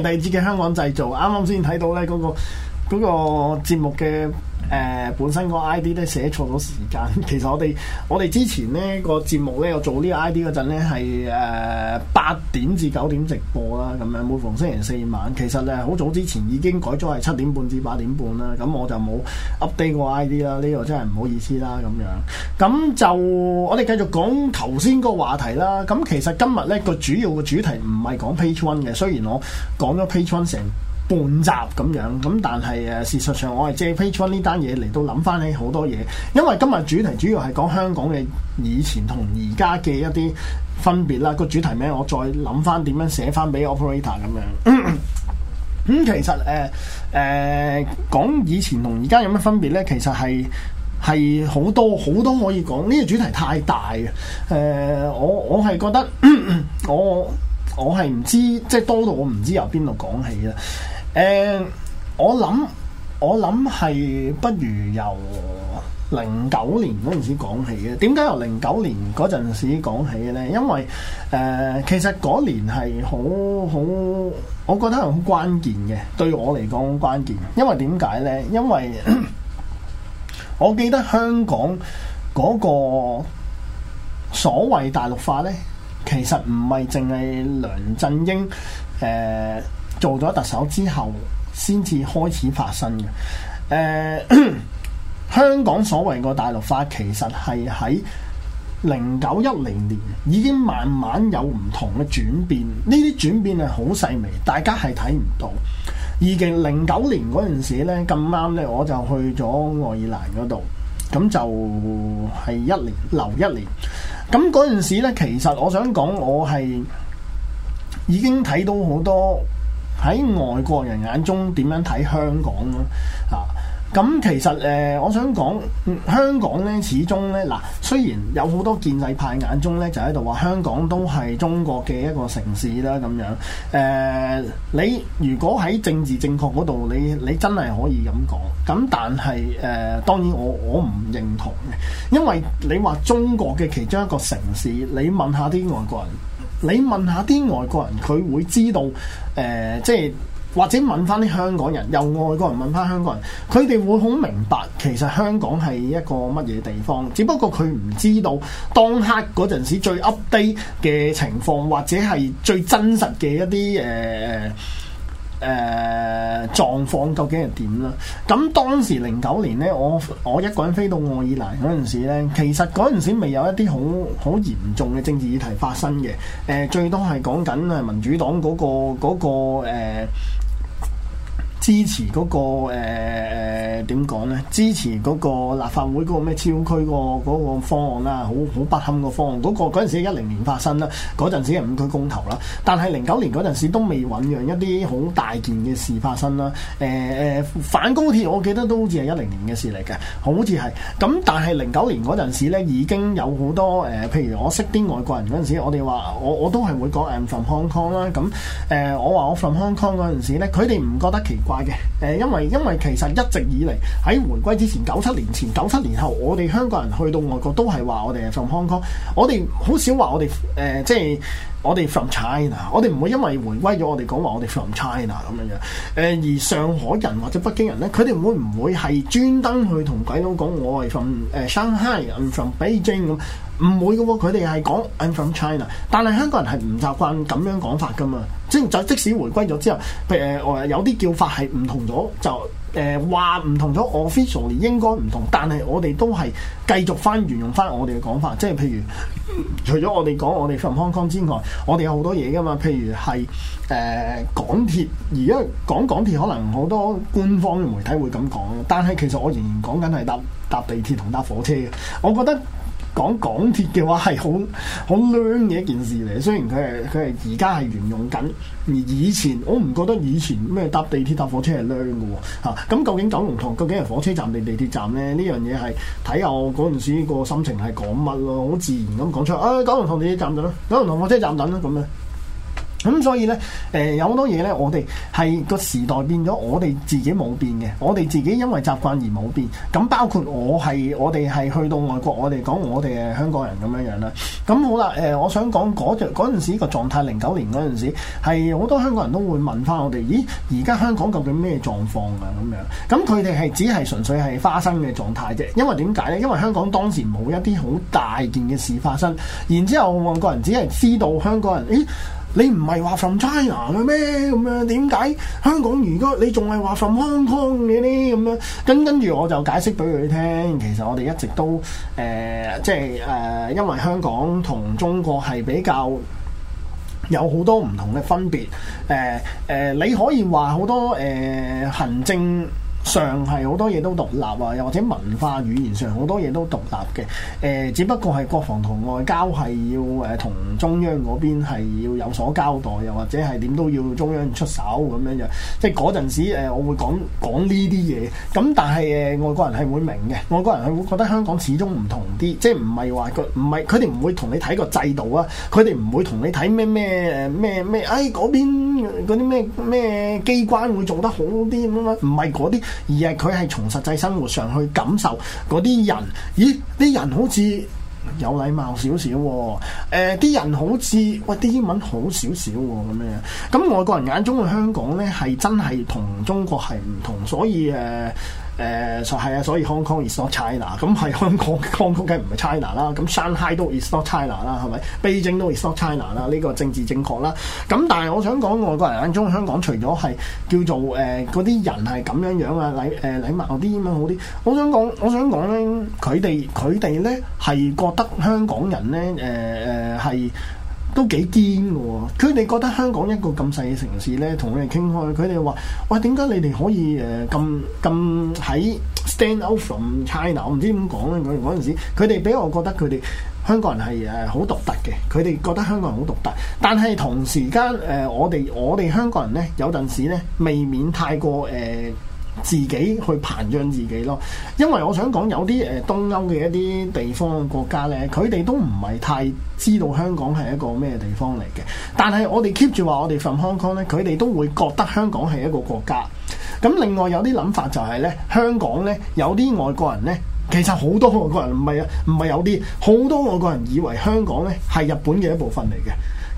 第二節嘅香港製造，啱啱先睇到咧、那、嗰個嗰、嗰個節目嘅。誒、呃、本身個 ID 咧寫錯咗時間，其實我哋我哋之前呢個節目咧，我做呢個 ID 嗰陣咧係誒八點至九點直播啦，咁樣每逢星期四晚。其實咧好早之前已經改咗係七點半至八點半啦，咁我就冇 update 個 ID 啦，呢個真係唔好意思啦咁樣。咁就我哋繼續講頭先個話題啦。咁其實今日咧個主要嘅主題唔係講 Page One 嘅，雖然我講咗 Page One 成半集咁樣咁，但係誒，事實上我係借 PageOne 呢單嘢嚟到諗翻起好多嘢，因為今日主題主要係講香港嘅以前同而家嘅一啲分別啦。個主題名我再諗翻點樣寫翻俾 Operator 咁樣。咁其實誒誒，講以前同而家有咩分別咧？其實係係好多好多可以講，呢、這個主題太大嘅。誒、呃，我我係覺得咳咳我我係唔知，即係多到我唔知由邊度講起啊！誒、嗯，我諗我諗係不如由零九年嗰陣時講起嘅。點解由零九年嗰陣時講起嘅咧？因為誒、呃，其實嗰年係好好，我覺得係好關鍵嘅。對我嚟講，好關鍵。因為點解咧？因為 我記得香港嗰個所謂大陸化咧，其實唔係淨係梁振英誒、呃做咗特首之後，先至開始發生嘅。誒、呃，香港所謂個大陸化，其實係喺零九一零年已經慢慢有唔同嘅轉變。呢啲轉變係好細微，大家係睇唔到。二零零九年嗰陣時呢，咁啱呢，我就去咗愛爾蘭嗰度，咁就係一年留一年。咁嗰陣時呢，其實我想講，我係已經睇到好多。喺外國人眼中點樣睇香港咯？啊，咁其實誒、呃，我想講、嗯、香港咧，始終咧，嗱，雖然有好多建制派眼中咧，就喺度話香港都係中國嘅一個城市啦，咁樣誒、呃，你如果喺政治正確嗰度，你你真係可以咁講，咁但係誒、呃，當然我我唔認同嘅，因為你話中國嘅其中一個城市，你問下啲外國人。你問下啲外國人，佢會知道，誒、呃，即係或者問翻啲香港人，又外國人問翻香港人，佢哋會好明白其實香港係一個乜嘢地方，只不過佢唔知道當刻嗰陣時最 update 嘅情況，或者係最真實嘅一啲誒、呃誒、呃、狀況究竟係點啦？咁當時零九年呢，我我一個人飛到愛爾蘭嗰陣時咧，其實嗰陣時未有一啲好好嚴重嘅政治議題發生嘅。誒、呃，最多係講緊係民主黨嗰、嗰個嗰、嗰個呃支持嗰個誒誒點講咧？支持嗰個立法會嗰個咩超區嗰個方案啦，好好不堪個方案。嗰個嗰陣時係一零年發生啦，嗰陣時係五區公投啦。但係零九年嗰陣時都未醖釀一啲好大件嘅事發生啦。誒、呃、誒反高鐵，我記得都好似係一零年嘅事嚟嘅，好似係。咁但係零九年嗰陣時咧，已經有好多誒、呃，譬如我識啲外國人嗰陣時我，我哋話我我都係會講 I'm from Hong Kong 啦。咁誒、呃、我話我 from Hong Kong 嗰陣時咧，佢哋唔覺得奇怪。嘅，誒，因為，因為其實一直以嚟喺回歸之前，九七年前、九七年後，我哋香港人去到外國都係話我哋係 from Hong Kong，我哋好少話我哋誒、呃，即係。我哋 from China，我哋唔會因為回歸咗，我哋講話我哋 from China 咁樣樣。誒、呃、而上海人或者北京人咧，佢哋唔會唔會係專登去同鬼佬講我係 from 誒、呃、Shanghai I'm from Beijing 咁？唔會㗎喎、哦，佢哋係講 I'm from China。但係香港人係唔習慣咁樣講法㗎嘛。即係即使回歸咗之後，誒我、呃、有啲叫法係唔同咗就。誒話唔同咗，officially 應該唔同，但係我哋都係繼續翻沿用翻我哋嘅講法，即係譬如，除咗我哋講我哋 from Hong Kong 之外，我哋有好多嘢噶嘛，譬如係誒、呃、港鐵，而家講港鐵可能好多官方媒體會咁講，但係其實我仍然講緊係搭搭地鐵同搭火車嘅，我覺得。講港鐵嘅話係好好嘅一件事嚟，雖然佢係佢係而家係沿用緊，而以前我唔覺得以前咩搭地鐵搭火車係孏嘅喎。咁究竟九龍塘究竟係火車站定地，地鐵站咧？呢樣嘢係睇下我嗰陣時個心情係講乜咯？好自然咁講出，啊九龍塘地鐵站等啦，九龍塘火車站等啦咁樣！咁所以呢，誒、呃、有好多嘢呢，我哋係個時代變咗，我哋自己冇變嘅，我哋自己因為習慣而冇變，咁包括我係，我哋係去到外國，我哋講我哋係香港人咁樣樣啦。咁好啦，誒、呃，我想講嗰陣時嗰陣時個狀態，零九年嗰陣時，係好多香港人都會問翻我哋：，咦，而家香港究竟咩狀況啊？咁樣，咁佢哋係只係純粹係花生嘅狀態啫。因為點解呢？因為香港當時冇一啲好大件嘅事發生，然之後外國人只係知道香港人，誒。你唔係話 from China 嘅咩咁樣？點解香港如果你仲係話 from Hong Kong 嘅呢？咁樣？咁跟住我就解釋畀佢聽，其實我哋一直都誒、呃，即係誒、呃，因為香港同中國係比較有好多唔同嘅分別。誒、呃、誒、呃，你可以話好多誒、呃、行政上係好多嘢都獨立啊，又或者文化語言上好多嘢都獨立嘅。誒、呃，只不過係國防同外交係要誒同中央嗰邊係要有所交代，又或者係點都要中央出手咁樣樣。即係嗰陣時、呃、我會講講呢啲嘢。咁但係誒外國人係會明嘅，外國人係會、會覺得香港始終唔同啲，即係唔係話佢唔係佢哋唔會同你睇個制度啊，佢哋唔會同你睇咩咩誒咩咩，哎嗰邊嗰啲咩咩機關會做得好啲咁樣。唔係嗰啲。而係佢係從實際生活上去感受嗰啲人，咦？啲人好似有禮貌少少，誒、呃，啲人好似，喂，啲英文好少少咁樣，咁外國人眼中嘅香港呢，係真係同中國係唔同，所以誒。呃誒，係啊、嗯，所以 Hong Kong is not China，咁係香港嘅光谷梗唔係 China 啦，咁 Shanghai 都 is not China 啦，係咪？北京都 is not China 啦，呢個政治正確啦。咁但係我想講外國人眼中香港，除咗係叫做誒嗰啲人係咁樣樣啊禮誒、呃、禮貌啲咁好啲，我想講我想講咧，佢哋佢哋咧係覺得香港人咧誒誒係。呃都幾堅嘅喎，佢哋覺得香港一個咁細嘅城市呢，同、哎、你哋傾開，佢哋話：喂，點解你哋可以誒咁咁喺 stand out from China？我唔知點講呢。」佢嗰陣時，佢哋俾我覺得佢哋香港人係誒好獨特嘅，佢哋覺得香港人好獨特，但係同時間誒我哋我哋香港人呢，有陣時呢，未免太過誒。自己去膨脹自己咯，因為我想講有啲誒東歐嘅一啲地方嘅國家咧，佢哋都唔係太知道香港係一個咩地方嚟嘅。但係我哋 keep 住話我哋 from Hong Kong 咧，佢哋都會覺得香港係一個國家。咁另外有啲諗法就係咧，香港咧有啲外國人咧，其實好多外國人唔係呀，唔係有啲，好多外國人以為香港咧係日本嘅一部分嚟嘅。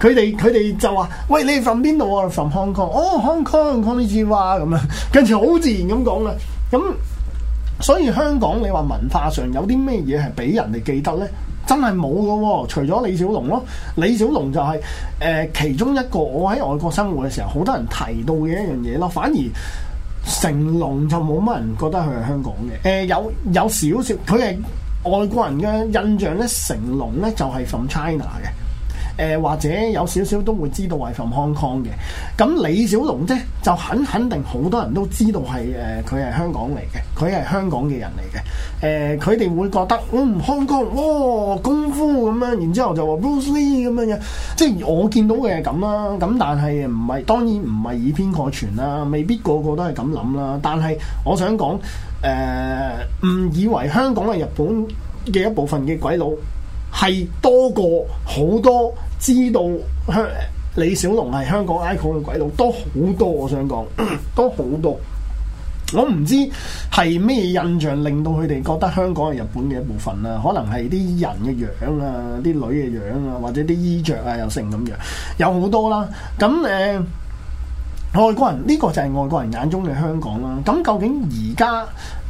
佢哋佢哋就話：喂，你哋 from 邊度啊？from 香港。哦，香港，Hong Kong TVA 咁樣，跟住好自然咁講啦。咁所以香港，你話文化上有啲咩嘢係俾人哋記得咧？真係冇㗎喎，除咗李小龍咯。李小龍就係、是、誒、呃、其中一個，我喺外國生活嘅時候，好多人提到嘅一樣嘢咯。反而成龍就冇乜人覺得佢係香港嘅。誒、呃、有有少少，佢係外國人嘅印象咧，成龍咧就係、是、from China 嘅。誒、呃、或者有少少都會知道係 from Hong Kong 嘅，咁李小龍啫，就肯、肯定好多人都知道係誒佢係香港嚟嘅，佢、呃、係香港嘅人嚟嘅。誒佢哋會覺得我嗯香港哇功夫咁樣，然之後就話 Bruce Lee 咁樣嘅，即係我見到嘅係咁啦。咁但係唔係當然唔係以偏概全啦，未必個個都係咁諗啦。但係我想講誒，唔、呃、以為香港係日本嘅一部分嘅鬼佬。係多過好多知道香李小龍係香港 icon 嘅 ic 鬼佬多好多，多，多，我想講多好多。我唔知係咩印象令到佢哋覺得香港係日本嘅一部分啦？可能係啲人嘅樣啊，啲女嘅樣啊，或者啲衣着啊，又成咁樣，有好多啦。咁誒、呃，外國人呢、這個就係外國人眼中嘅香港啦。咁究竟而家？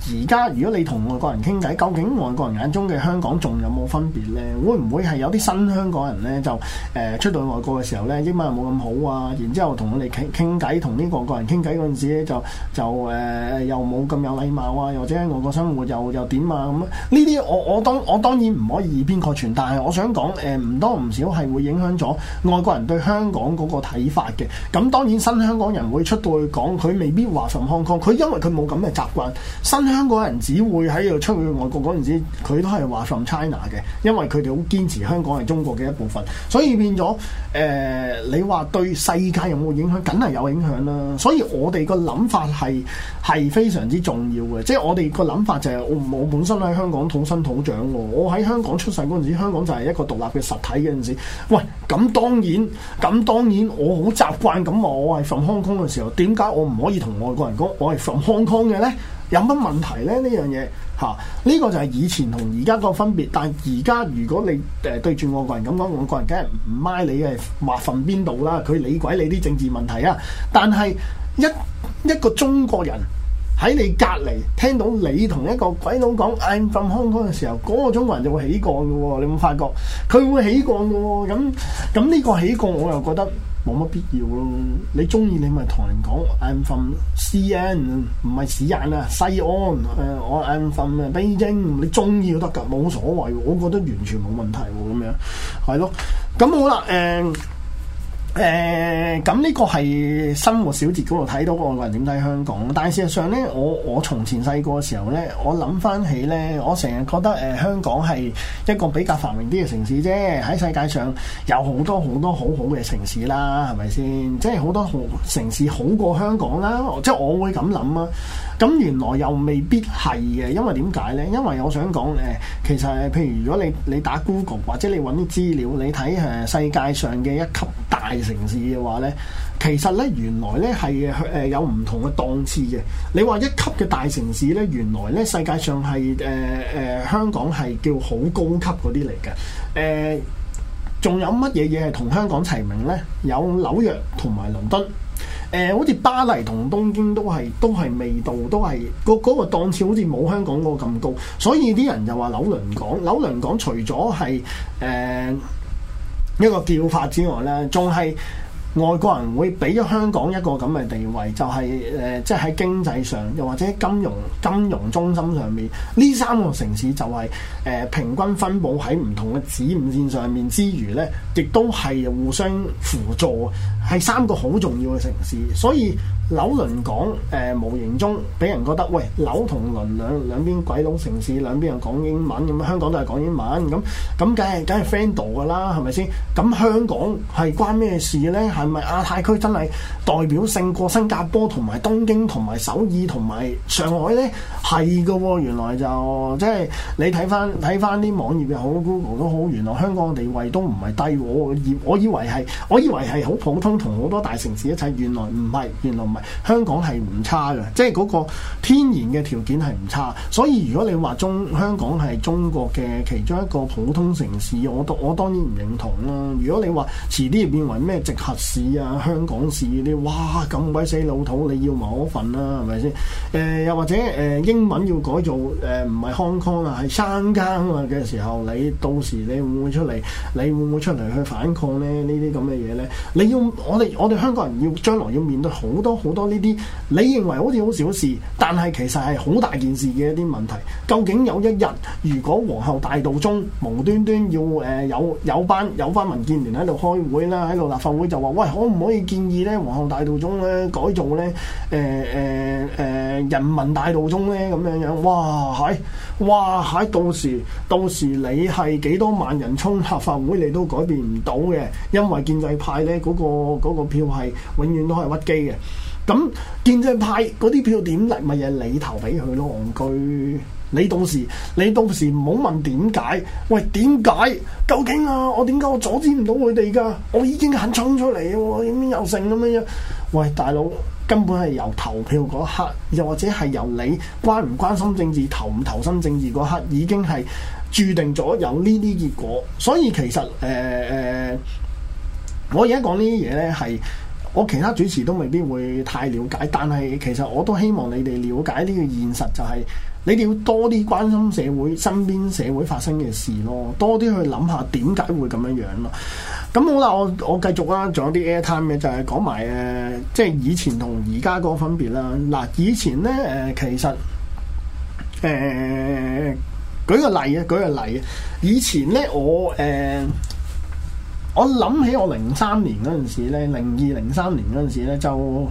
而家如果你同外國人傾偈，究竟外國人眼中嘅香港仲有冇分別咧？會唔會係有啲新香港人咧就誒、呃、出到去外國嘅時候咧，英文又冇咁好啊？然之後同我哋傾傾偈，同呢個外國人傾偈陣時咧，就就誒、呃、又冇咁有禮貌啊，又或者外國生活又又點啊咁？呢啲我我當我當然唔可以以偏概全，但係我想講誒唔多唔少係會影響咗外國人對香港嗰個睇法嘅。咁當然新香港人會出到去講佢未必話順康康，佢因為佢冇咁嘅習慣。新。香港人只會喺度出去外國嗰陣時，佢都係話 from China 嘅，因為佢哋好堅持香港係中國嘅一部分，所以變咗誒、呃，你話對世界有冇影響，梗係有影響啦。所以我哋個諗法係係非常之重要嘅，即係我哋個諗法就係、是、我，我本身喺香港土生土長喎，我喺香港出世嗰陣時，香港就係一個獨立嘅實體嗰陣時，喂，咁當然咁當然，當然我好習慣咁話我係 from Hong Kong 嘅時候，點解我唔可以同外國人講我係 from Hong Kong 嘅呢？有乜問題咧？呢樣嘢嚇，呢個就係以前同而家個分別。但係而家如果你誒對住外國人咁講，外國人梗係唔買你嘅話，瞓邊度啦？佢理鬼你啲政治問題啊！但係一一個中國人喺你隔離聽到你同一個鬼佬講「I'm from Hong Kong」嘅時候，嗰、那個中國人就會起降嘅喎。你有冇發覺佢會起降嘅喎？咁咁呢個起降，我又覺得。冇乜必要咯，你中意你咪同人講，I'm from C N，唔係市眼啊，西安，誒、呃、我 I'm from Beijing」你，你中意都得㗎，冇所謂，我覺得完全冇問題喎，咁樣，係咯，咁好啦，誒、呃。誒咁呢個係生活小節嗰度睇到外國人點睇香港，但係事實上呢，我我從前細個時候呢，我諗翻起呢，我成日覺得誒、呃、香港係一個比較繁榮啲嘅城市啫，喺世界上有好多好多好好嘅城市啦，係咪先？即係好多好城市好過香港啦，即係我會咁諗啊！咁原來又未必係嘅，因為點解呢？因為我想講誒、呃，其實譬如如果你你打 Google 或者你揾啲資料，你睇誒、呃、世界上嘅一級大城市嘅話呢，其實呢，原來呢係誒有唔同嘅檔次嘅。你話一級嘅大城市呢，原來呢世界上係誒誒香港係叫好高級嗰啲嚟嘅。誒、呃，仲有乜嘢嘢係同香港齊名呢？有紐約同埋倫敦。誒、呃，好似巴黎同東京都係都係味道，都係個嗰個檔次，好似冇香港嗰個咁高，所以啲人就話紐倫港。紐倫港除咗係誒一個叫法之外咧，仲係。外國人會俾咗香港一個咁嘅地位，就係、是、誒、呃，即係喺經濟上，又或者金融金融中心上面，呢三個城市就係、是、誒、呃、平均分佈喺唔同嘅子午線上面之餘呢，亦都係互相輔助，係三個好重要嘅城市。所以紐倫港誒、呃，無形中俾人覺得，喂，紐同倫兩兩邊鬼佬城市，兩邊又講英文咁、嗯，香港都係講英文，咁咁梗係梗係 friend 到㗎啦，係咪先？咁香港係關咩事呢？係咪亞太區真係代表性過新加坡同埋東京同埋首爾同埋上海呢？係噶喎，原來就即係你睇翻睇翻啲網頁嘅，好 Google 都好，原來香港地位都唔係低。我以我以為係，我以為係好普通，同好多大城市一齊。原來唔係，原來唔係，香港係唔差嘅，即係嗰個天然嘅條件係唔差。所以如果你話中香港係中國嘅其中一個普通城市，我都我當然唔認同啦。如果你話遲啲變為咩直轄？市啊，香港市啲哇咁鬼死老土，你要埋我份啦、啊，係咪先？誒、呃、又或者誒、呃、英文要改做誒唔、呃、係 Hong Kong 啊，係生更啊嘅時候，你到時你會唔會出嚟？你會唔會出嚟去反抗咧？這這呢啲咁嘅嘢咧，你要我哋我哋香港人要將來要面對好多好多呢啲，你認為好似好小事，但係其實係好大件事嘅一啲問題。究竟有一日，如果皇后大道中無端端要誒有有，有班有班民建聯喺度開會啦，喺度立法會就話。可唔可以建議咧，皇后大道中咧改造咧？誒誒誒，人民大道中咧，咁樣樣，哇喺，哇喺到時，到時你係幾多萬人衝立法會，你都改變唔到嘅，因為建制派咧嗰個嗰個票係永遠都係屈機嘅。咁建制派嗰啲票點嚟？咪係你投俾佢咯，戇居。你到時，你到時唔好問點解，喂，點解？究竟啊，我點解我阻止唔到佢哋㗎？我已經肯衝出嚟、啊，我已經又剩咁樣。喂，大佬，根本係由投票嗰刻，又或者係由你關唔關心政治、投唔投心政治嗰刻，已經係注定咗有呢啲結果。所以其實，誒、呃、誒，我而家講呢啲嘢呢，係我其他主持都未必會太了解，但係其實我都希望你哋了解呢個現實、就係，就係。你哋要多啲關心社會，身邊社會發生嘅事咯，多啲去諗下點解會咁樣樣、啊、咯。咁好啦，我我繼續啦，仲有啲 airtime 嘅就係、是、講埋誒、呃，即係以前同而家嗰個分別啦。嗱，以前呢，誒、呃、其實誒舉個例啊，舉個例啊，以前呢，我誒、呃、我諗起我零三年嗰陣時，零二零三年嗰陣時咧就。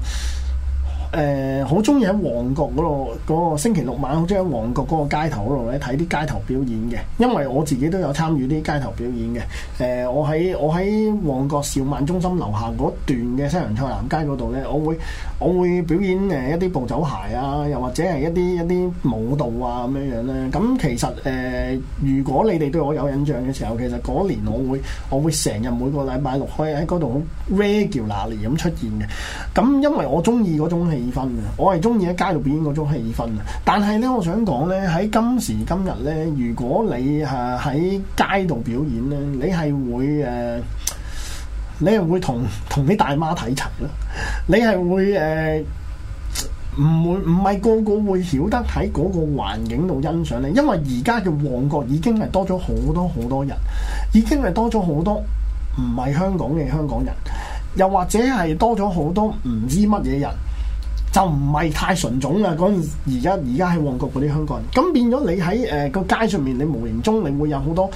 誒好中意喺旺角嗰度，嗰個星期六晚，好中意喺旺角嗰個街頭度咧睇啲街頭表演嘅。因為我自己都有參與啲街頭表演嘅。誒、呃，我喺我喺旺角兆萬中心樓下段嘅西洋菜南街度咧，我會我會表演誒一啲暴走鞋啊，又或者係一啲一啲舞蹈啊咁樣樣咧。咁、嗯、其實誒、呃、如果你哋對我有印象嘅時候，其實嗰年我會我會成日每個禮拜六可以喺嗰度好 regular 嗱嚟咁出現嘅。咁、嗯、因為我中意嗰種係。氣氛我係中意喺街度表演嗰種氣氛。但係呢，我想講呢，喺今時今日呢，如果你吓喺街度表演呢，你係會誒、呃，你係會同同啲大媽睇齊咯。你係會誒，唔、呃、會唔係個個會曉得喺嗰個環境度欣賞咧，因為而家嘅旺角已經係多咗好多好多人，已經係多咗好多唔係香港嘅香港人，又或者係多咗好多唔知乜嘢人。就唔係太純種喇！嗰陣而家而家喺旺角嗰啲香港人咁變咗，你喺誒個街上面，你無形中你會有好多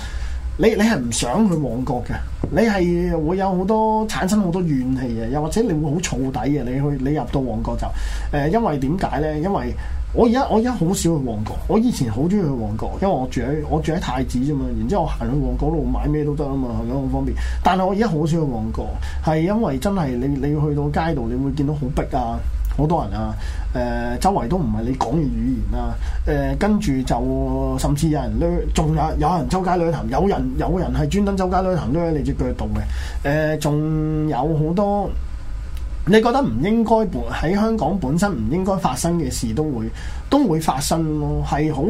你你係唔想去旺角嘅，你係會有好多產生好多怨氣嘅，又或者你會好燥底嘅。你去你入到旺角就誒、呃，因為點解咧？因為我而家我而家好少去旺角，我以前好中意去旺角，因為我住喺我住喺太子啫嘛。然之後我行去旺角度買咩都得啊嘛，係咪好方便？但係我而家好少去旺角，係因為真係你你去到街度，你會見到好逼啊！好多人啊，誒、呃、周圍都唔係你講嘅語言啦、啊，誒、呃、跟住就甚至有人亂，仲有有人周街亂行，有人有人係專登周街亂行都喺你隻腳度嘅，誒、呃、仲有好多，你覺得唔應該喺香港本身唔應該發生嘅事，都會都會發生咯，係好。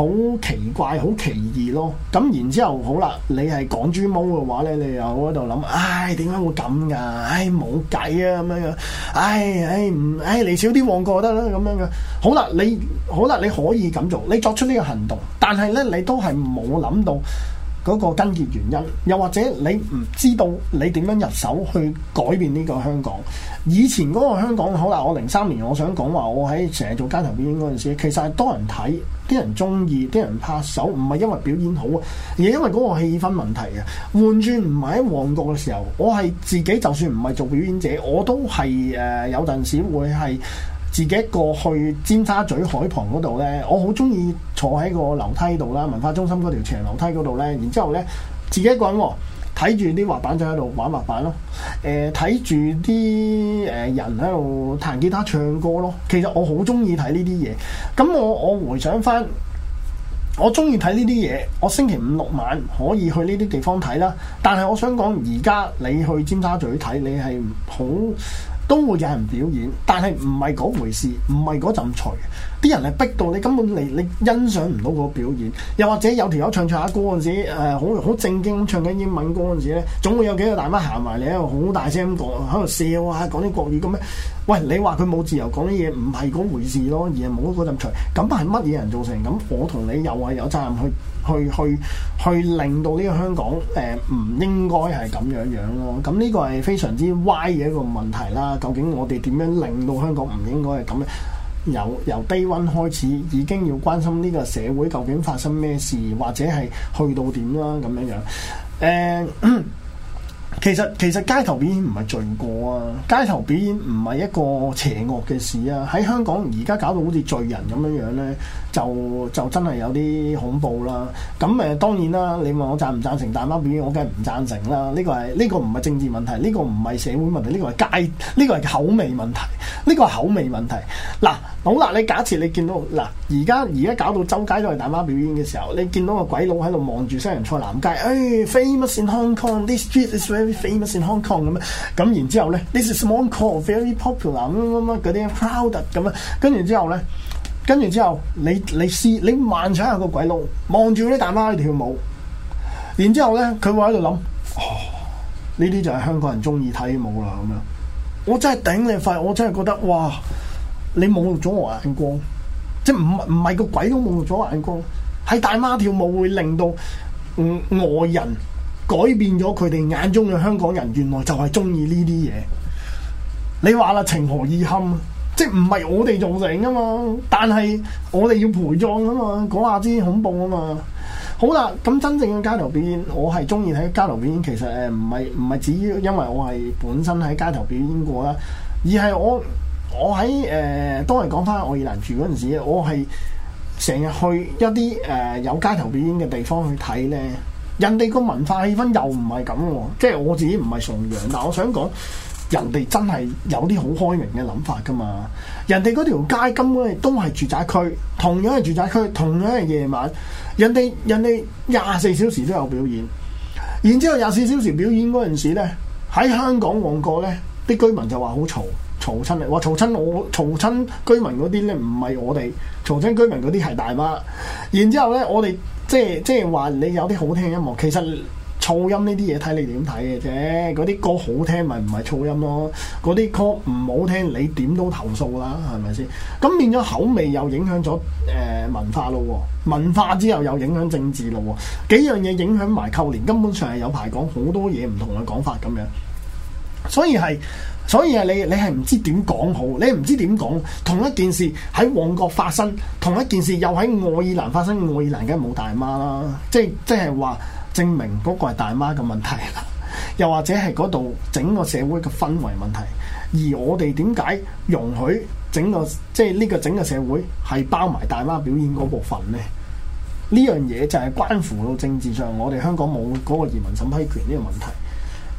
好奇怪，好奇異咯。咁然之後，好啦，你係講豬毛嘅話咧，你又喺度諗，唉，點解會咁噶？唉，冇計啊，咁樣樣，唉，唉唔，唉嚟少啲旺過就得啦，咁樣嘅。好啦，你，好啦，你可以咁做，你作出呢個行動，但係咧，你都係冇諗到。嗰個根結原因，又或者你唔知道你點樣入手去改變呢個香港。以前嗰個香港，好啦，我零三年我想講話，我喺成日做街頭表演嗰陣時，其實係多人睇，啲人中意，啲人拍手，唔係因為表演好啊，而係因為嗰個氣氛問題啊。換轉唔係喺旺角嘅時候，我係自己，就算唔係做表演者，我都係誒、呃、有陣時會係。自己一個去尖沙咀海旁嗰度呢，我好中意坐喺個樓梯度啦，文化中心嗰條斜樓梯嗰度呢。然之後呢，自己一個人睇住啲滑板就喺度玩滑板咯，誒，睇住啲誒，人喺度彈吉他唱歌咯，其實我好中意睇呢啲嘢。咁我我回想翻，我中意睇呢啲嘢，我星期五六晚可以去呢啲地方睇啦。但係我想講，而家你去尖沙咀睇，你係好。都會有人表演，但係唔係嗰回事，唔係嗰陣才。啲人係逼到你根本嚟，你欣賞唔到個表演。又或者有條友唱唱下歌嗰陣時，好、呃、好正經唱緊英文歌嗰陣時咧，總會有幾個大媽行埋嚟喺度好大聲咁講，喺度笑啊，講啲國語咁樣。喂，你話佢冇自由講啲嘢，唔係嗰回事咯，而係冇嗰陣。咁係乜嘢人造成？咁我同你又係有責任去去去去令到呢個香港誒唔、呃、應該係咁樣樣咯。咁呢個係非常之歪嘅一個問題啦。究竟我哋點樣令到香港唔應該係咁咧？由由低溫開始，已經要關心呢個社會究竟發生咩事，或者係去到點啦，咁樣樣。誒、嗯，其實其實街頭表演唔係罪過啊，街頭表演唔係一個邪惡嘅事啊。喺香港而家搞到好似罪人咁樣樣咧。就就真係有啲恐怖啦！咁誒、呃、當然啦，你問我贊唔贊成大媽表演，我梗係唔贊成啦！呢、這個係呢、這個唔係政治問題，呢、這個唔係社會問題，呢、這個係街，呢、這個係口味問題，呢、這個係口味問題。嗱好啦，你假設你見到嗱而家而家搞到周街都係大媽表演嘅時候，你見到個鬼佬喺度望住西洋菜南街，誒、hey, famous in Hong Kong，this street is very famous in Hong Kong 咁啊，咁然之後咧，this is Mong Kok，very popular，乜乜乜嗰啲 proud 咁啊，跟住之後咧。跟住之後，你你試你慢長幻想下個鬼佬望住啲大媽跳舞，然之後咧，佢會喺度諗：哦，呢啲就係香港人中意睇舞啦咁樣。我真係頂你肺，我真係覺得哇！你侮辱咗我眼光，即係唔唔係個鬼都侮辱咗我眼光。係大媽跳舞會令到外人改變咗佢哋眼中嘅香港人，原來就係中意呢啲嘢。你話啦，情何以堪？即唔係我哋造成啊嘛，但係我哋要陪葬啊嘛，嗰下先恐怖啊嘛。好啦，咁真正嘅街頭表演，我係中意睇街頭表演。其實誒唔係唔係只因為我係本身喺街頭表演過啦，而係我我喺誒都係講翻愛爾蘭住嗰陣時我係成日去一啲誒、呃、有街頭表演嘅地方去睇咧，人哋個文化氣氛又唔係咁喎，即係我自己唔係崇洋，但係我想講。人哋真係有啲好開明嘅諗法㗎嘛，人哋嗰條街根本都係住宅區，同樣係住宅區，同樣係夜晚，人哋人哋廿四小時都有表演，然之後廿四小時表演嗰陣時咧，喺香港旺角呢，啲居民就話好嘈嘈親你，話嘈親我嘈親居民嗰啲呢唔係我哋嘈親居民嗰啲係大媽，然之後呢，我哋即係即係話你有啲好聽嘅音樂，其實。噪音呢啲嘢睇你點睇嘅啫，嗰啲歌好聽咪唔係噪音咯，嗰啲歌唔好聽你點都投訴啦，係咪先？咁變咗口味又影響咗誒文化咯，文化之後又影響政治咯，幾樣嘢影響埋扣連，根本上係有排講好多嘢唔同嘅講法咁樣，所以係，所以係你，你係唔知點講好，你唔知點講，同一件事喺旺角發生，同一件事又喺愛爾蘭發生，愛爾蘭梗係冇大媽啦，即係即係話。證明嗰個係大媽嘅問題啦，又或者係嗰度整個社會嘅氛圍問題。而我哋點解容許整個即係呢個整個社會係包埋大媽表演嗰部分呢？呢樣嘢就係關乎到政治上，我哋香港冇嗰個移民審批權呢個問題。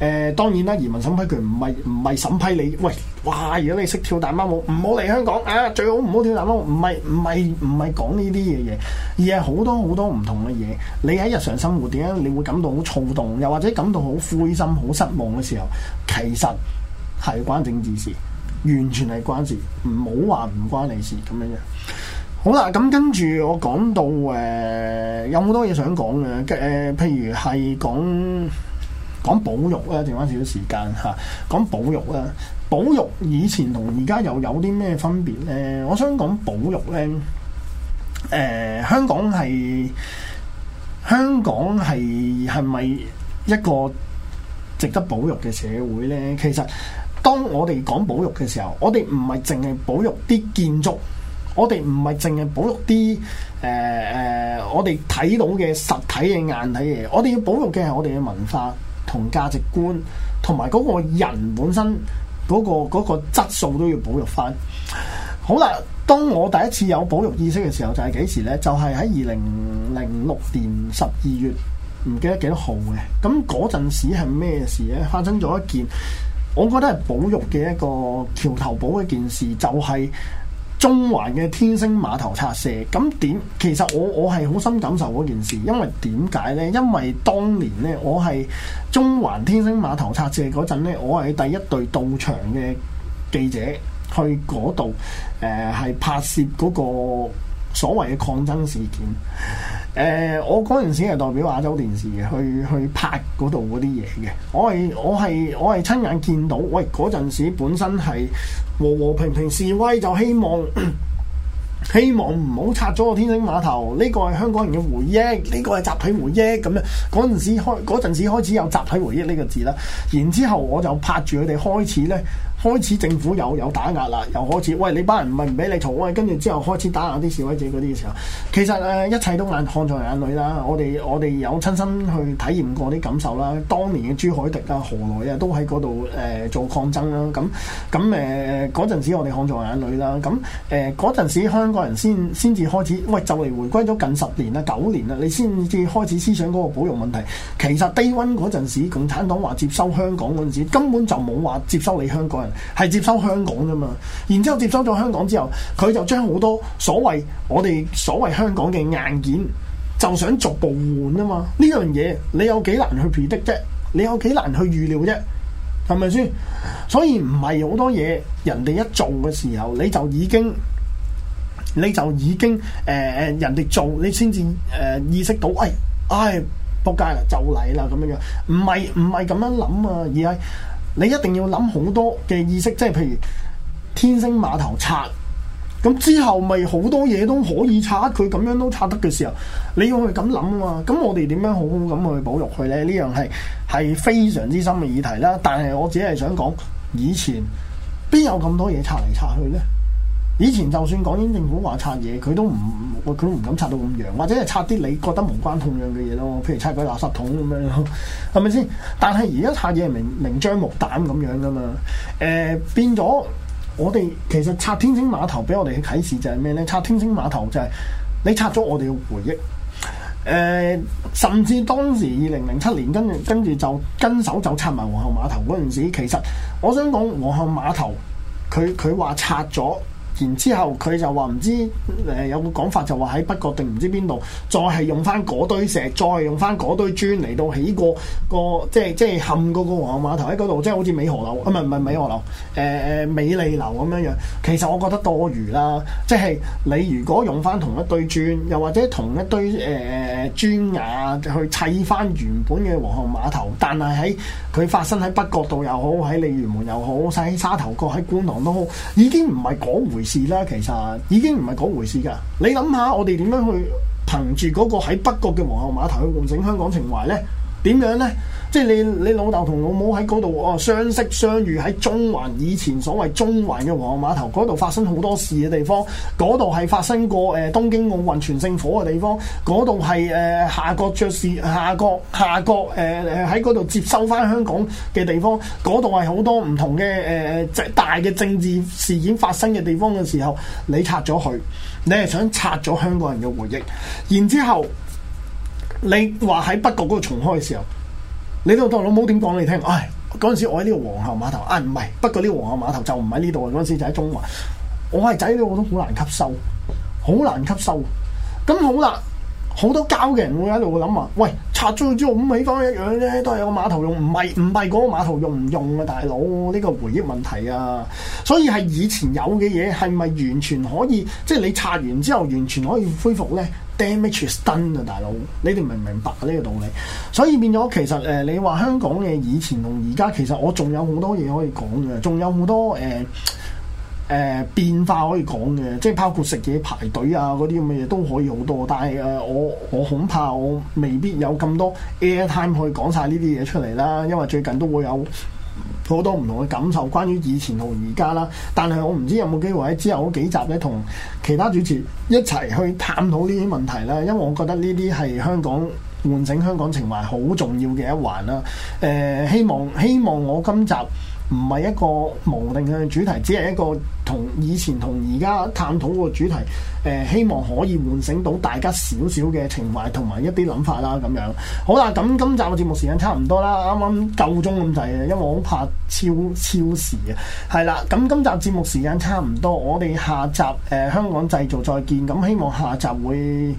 誒，呃，當然啦，移民審批權唔係唔係審批你喂。哇！如果你識跳大媽舞，唔好嚟香港啊！最好唔好跳大媽舞，唔係唔係唔係講呢啲嘅嘢，而係好多好多唔同嘅嘢。你喺日常生活點樣，你會感到好躁動，又或者感到好灰心、好失望嘅時候，其實係關政治事，完全係關事，唔好話唔關你事咁樣樣。好啦，咁跟住我講到誒、呃，有好多嘢想講嘅，誒、呃、譬如係講。講保育呀，剩翻少少時間嚇。講保育啊，保育以前同而家又有啲咩分別呢？我想講保育呢，誒、呃，香港係香港係係咪一個值得保育嘅社會呢？其實當我哋講保育嘅時候，我哋唔係淨係保育啲建築，我哋唔係淨係保育啲誒誒，我哋睇到嘅實體嘅硬體嘅嘢，我哋要保育嘅係我哋嘅文化。同價值觀，同埋嗰個人本身嗰、嗰個嗰、嗰個、質素都要保育翻。好啦，當我第一次有保育意識嘅時候，就係、係、幾時呢？就係喺二零零六年十二月，唔記得幾多號嘅。咁嗰陣時係咩事呢？發生咗一件，我覺得係保育嘅一個橋頭堡一件事，就係、係，中環嘅天星碼頭拆卸，咁點？其實我我係好深感受嗰件事，因為點解呢？因為當年呢，我係中環天星碼頭拆卸嗰陣咧，我係第一隊到場嘅記者去嗰度，誒、呃，係拍攝嗰個所謂嘅抗爭事件。誒、呃，我嗰陣時係代表亞洲電視去去拍嗰度嗰啲嘢嘅。我係我係我係親眼見到，喂嗰陣時本身係和和平平示威，就希望 希望唔好拆咗個天星碼頭。呢、這個係香港人嘅回憶，呢、這個係集體回憶咁樣。嗰陣時開嗰陣時開始有集體回憶呢個字啦。然之後我就拍住佢哋開始呢。開始政府有有打壓啦，又開始喂你班人唔係唔俾你嘈，喂跟住之後開始打壓啲示威者嗰啲嘅時候，其實誒一切都眼看在眼裏啦。我哋我哋有親身去體驗過啲感受啦。當年嘅朱凱迪啊、何來啊都喺嗰度誒做抗爭啦。咁咁誒嗰陣時我哋看在眼裏啦。咁誒嗰陣時香港人先先至開始喂就嚟回歸咗近十年啦，九年啦，你先至開始思想嗰個保育問題。其實低温嗰陣時，共產黨話接收香港嗰陣時根本就冇話接收你香港人。係接收香港㗎嘛，然之後接收咗香港之後，佢就將好多所謂我哋所謂香港嘅硬件，就想逐步換啊嘛。呢樣嘢你有幾難去 predict 啫？你有幾難去預料啫？係咪先？所以唔係好多嘢，人哋一做嘅時候，你就已經，你就已經誒、呃、人哋做你先至誒意識到，哎哎扑街啦，就嚟啦咁樣樣，唔係唔係咁樣諗啊，而係。你一定要諗好多嘅意識，即係譬如天星碼頭拆，咁之後咪好多嘢都可以拆，佢咁樣都拆得嘅時候，你要去咁諗啊嘛。咁我哋點樣好好咁去保育佢呢？呢樣係係非常之深嘅議題啦。但係我只係想講，以前邊有咁多嘢拆嚟拆去呢？以前就算港英政府話拆嘢，佢都唔佢都唔敢拆到咁樣，或者係拆啲你覺得無關痛癢嘅嘢咯，譬如拆鬼垃圾桶咁樣咯，係咪先？但係而家拆嘢明明張木膽咁樣噶嘛？誒、呃，變咗我哋其實拆天星碼頭俾我哋嘅啟示就係咩咧？拆天星碼頭就係你拆咗我哋嘅回憶，誒、呃，甚至當時二零零七年跟跟住就跟手就拆埋皇后碼頭嗰陣時，其實我想講皇后碼頭佢佢話拆咗。然之後佢就話唔知誒、呃、有個講法就話喺北角定唔知邊度，再係用翻嗰堆石，再用翻嗰堆磚嚟到起個個即係即係冚嗰個皇后碼頭喺嗰度，即係好似美河樓。啊，唔係唔係美河樓，誒、呃、誒美利樓咁樣樣。其實我覺得多餘啦，即係你如果用翻同一堆磚，又或者同一堆誒磚、呃、瓦去砌翻原本嘅皇后碼頭，但係喺佢發生喺北角度又好，喺鯉魚門又好，甚至喺沙頭角喺觀塘都好，已經唔係嗰回事。事啦，其實已經唔係嗰回事噶。你諗下，我哋點樣去憑住嗰個喺北角嘅皇后碼頭去喚醒香港情懷咧？點樣咧？即係你你老豆同老母喺嗰度哦，相識相遇喺中環以前所謂中環嘅皇后碼頭嗰度發生好多事嘅地方，嗰度係發生過誒、呃、東京奧運傳聖火嘅地方，嗰度係誒夏慤爵士夏慤夏慤誒誒喺嗰度接收翻香港嘅地方，嗰度係好多唔同嘅誒誒大嘅政治事件發生嘅地方嘅時候，你拆咗佢，你係想拆咗香港人嘅回憶，然之後你話喺北角嗰度重開嘅時候。你都當老母點講你聽？唉，嗰陣時我喺呢個皇后碼頭啊，哎，唔係，不過呢個皇后碼頭就唔喺呢度，嗰陣時就喺中環。我係仔女，我都好難吸收，好難吸收。咁好啦，好多膠嘅人會喺度諗話，喂，拆咗之後五米方一樣啫，都係有個碼頭用，唔係唔係嗰個碼頭用唔用啊？大佬呢個回憶問題啊，所以係以前有嘅嘢係咪完全可以，即係你拆完之後完全可以恢復咧？damage 啊，大佬，你哋明唔明白呢、呢個道理？所以變咗其實誒、呃，你話香港嘅以前同而家，其實我仲有好多嘢可以講嘅，仲有好多誒誒、呃呃、變化可以講嘅，即係包括食嘢排隊啊嗰啲咁嘅嘢都可以好多。但係誒、呃，我我恐怕我未必有咁多 airtime 可以講晒呢啲嘢出嚟啦，因為最近都會有。好多唔同嘅感受，關於以前同而家啦。但係我唔知有冇機會喺之後嗰幾集咧，同其他主持一齊去探討呢啲問題啦。因為我覺得呢啲係香港喚醒香港情懷好重要嘅一環啦。誒、呃，希望希望我今集，唔係一個無定向嘅主題，只係一個同以前同而家探討個主題，誒、呃、希望可以喚醒到大家少少嘅情懷同埋一啲諗法啦咁樣。好啦，咁今集嘅節目時間差唔多啦，啱啱夠鐘咁滯啊，因為我好怕超超時啊。係啦，咁今集節目時間差唔多，多，多，我哋下集誒、呃、香港製造再見。咁希望下集會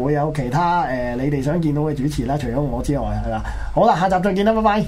會有其他誒、呃、你哋想見到嘅主持啦，除咗我之外係啦。好啦，下集再見啦，拜拜。